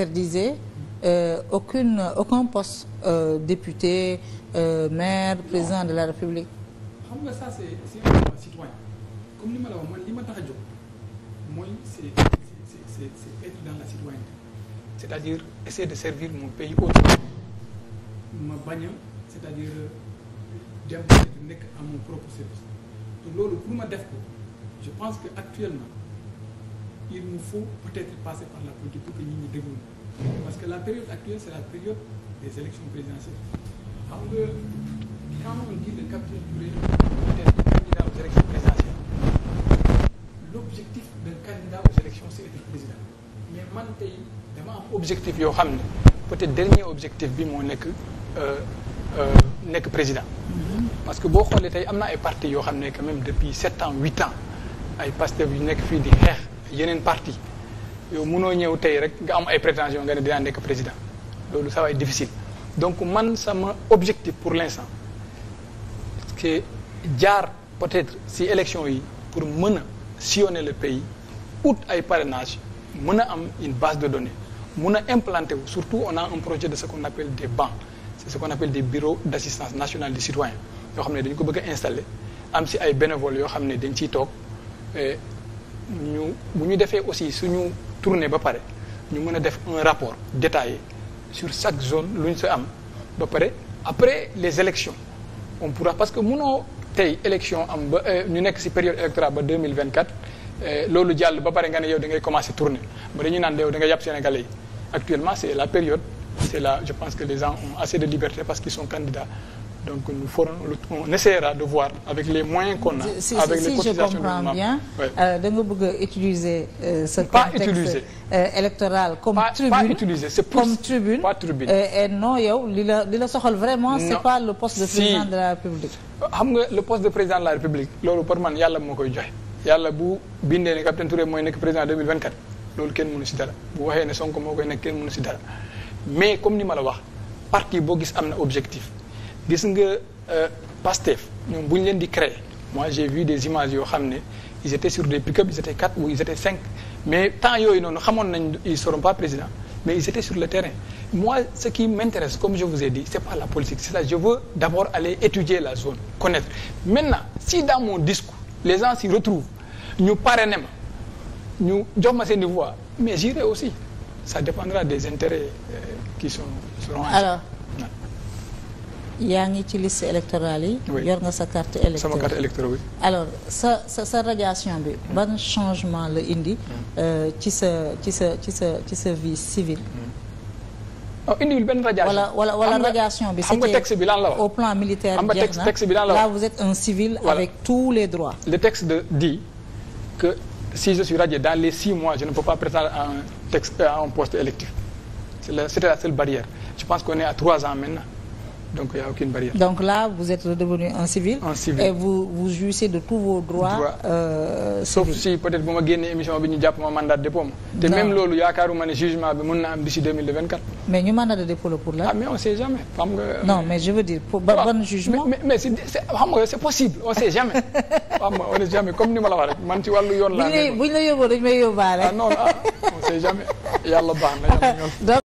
n'interdisait euh, aucune, aucun poste euh, député, euh, maire, président de la République. xam nga li ma la wax li ma tax a jóg c'est c'est dans la citoyenneté c'est-à-dire essayer de servir mon pays autrement ma bañ c'est-à-dire dem nekk à mon propre service loolu pour ma def ko je pense que il nous faut peut-être passer par la politique pour que nit ñi déglu parce que la période actuelle c'est la période des élections présidentielles xam nga quand on dit le capitaine Touré élections présidentielles l'objectif d'un candidat dama am objectif yoo xam ne peut-être dernier objectif bi moo nekk euh, euh, nekk président mm-hmm. parce que boo xoolee tey am na ay parti yoo xam ne quand même depuis sept ans huit ans ay Pastef yu nekk fii di xeex yeneen parti yow mënoo ñëw tey rek nga am ay prétention nga ne dinaa nekk président loolu ça va être difficile donc man sama objectif pour l'instant c'est jaar peut-être si élection yi pour mën a sillonner le pays ut ay parrainage mun a am une base de données mun a implanter surtout on a un projet de ce qu'on appelle des bancs c'est ce qu'on appelle des bureaux d'assistance nationale des citoyens yoo xam ne dañ ko bëgg a am si ay bénévoles yoo xam ne dañ ciy toog eh, ñu bu ñu defee aussi suñu tournée ba pare ñu mën a def un rapport détaillé sur chaque zone lu ñu sa am ba pare après les élections on pourra parce que mënoo tey élection am ba euh, ñu nekk ci période électorale ba euh, loolu jàll ba pare nga ne yow da ngay commencer tourner ba dañuy naan yow da nga yàpp Sénégalais yi actuellement c'est la période c'est là je pense que les gens ont assez de liberté parce qu'ils sont candidats Donc nous ferons, on essaiera de voir avec les moyens qu'on a, si, avec si, les si cotisations. Si je comprends bien, ouais. euh, de nous utiliser euh, ce pas contexte utiliser. Euh, électoral comme pas, tribune. Pas utiliser, c'est Comme tribune. Pas tribune. Euh, et non, yo, l'île Sohol, vraiment, c'est pas le poste de président de la République. Le poste de président de la République, l'eau pour moi, il y a le mot yàlla bu bindee ne capitaine Touré mooy nekk président 2024 loolu kenn mënu si dara bu waxee ne Sonko moo koy nekk kenn mënu si dara mais comme ni ma la wax parti boo gis am na objectif gis nga euh, Pastef ñoom bu ñu leen di créer moi j'ai vu des images yoo xam ne ils étaient sur des pick-up ils étaient quatre ou ils étaient cinq mais temps yooyu noonu xamoon nañ ils seront pas président mais ils étaient sur le terrain moi ce qui m'intéresse comme je vous ai dit c'est pas la politique c'est ça je veux d'abord aller étudier la zone connaître maintenant si dans mon discours les gens si retrouvent ñu parrainé ma ñu jox ma seen i mais j'irai aussi ça dépendra des intérêts euh, qui yaa ngi ci liste électorale yi. yor nga sa carte électeur sama carte électeur bi. alors sa sa sa radiation bi. Mm. ban changement la indi. Mm. Euh, ci sa ci sa ci sa ci sa vie civile. non mm. oh, indiwul benn radiation. wala wala wala radiation bi. c'était texte bi lan la au plan militaire. am texte texte bi lan la wax là vous êtes un civil. Voilà. avec tous les droits. le texte de dit que si je suis radié dans les six mois je ne peux pas prétendre à un texte à un poste électif c'est la c'était la seule barrière je pense qu'on est à trois ans maintenant. Donc il n'y a aucune barrière. Donc là, vous êtes redevenu un civil. Un civil. Et vous, vous de tous vos droits. Droit. Euh, si peut-être bu ma génnee émission bi ñu jàpp ma mandat de dépôt ma. te même loolu yaakaaruma ne jugement bi mën na am d'ici 2024. mais ñu mandat de dépôt la pour la. ah mais on sait jamais. xam nga non mais je m dire pour ban bon jugement. mais mais c'est on sait jamais. xam nga on est jamais comme ni ma la wax rek man ci wàllu yoon laa. bu ñu la bu ñu la yóbboo dañu may yóbbaale. ah non ah on sait jamais yàlla baax na yàlla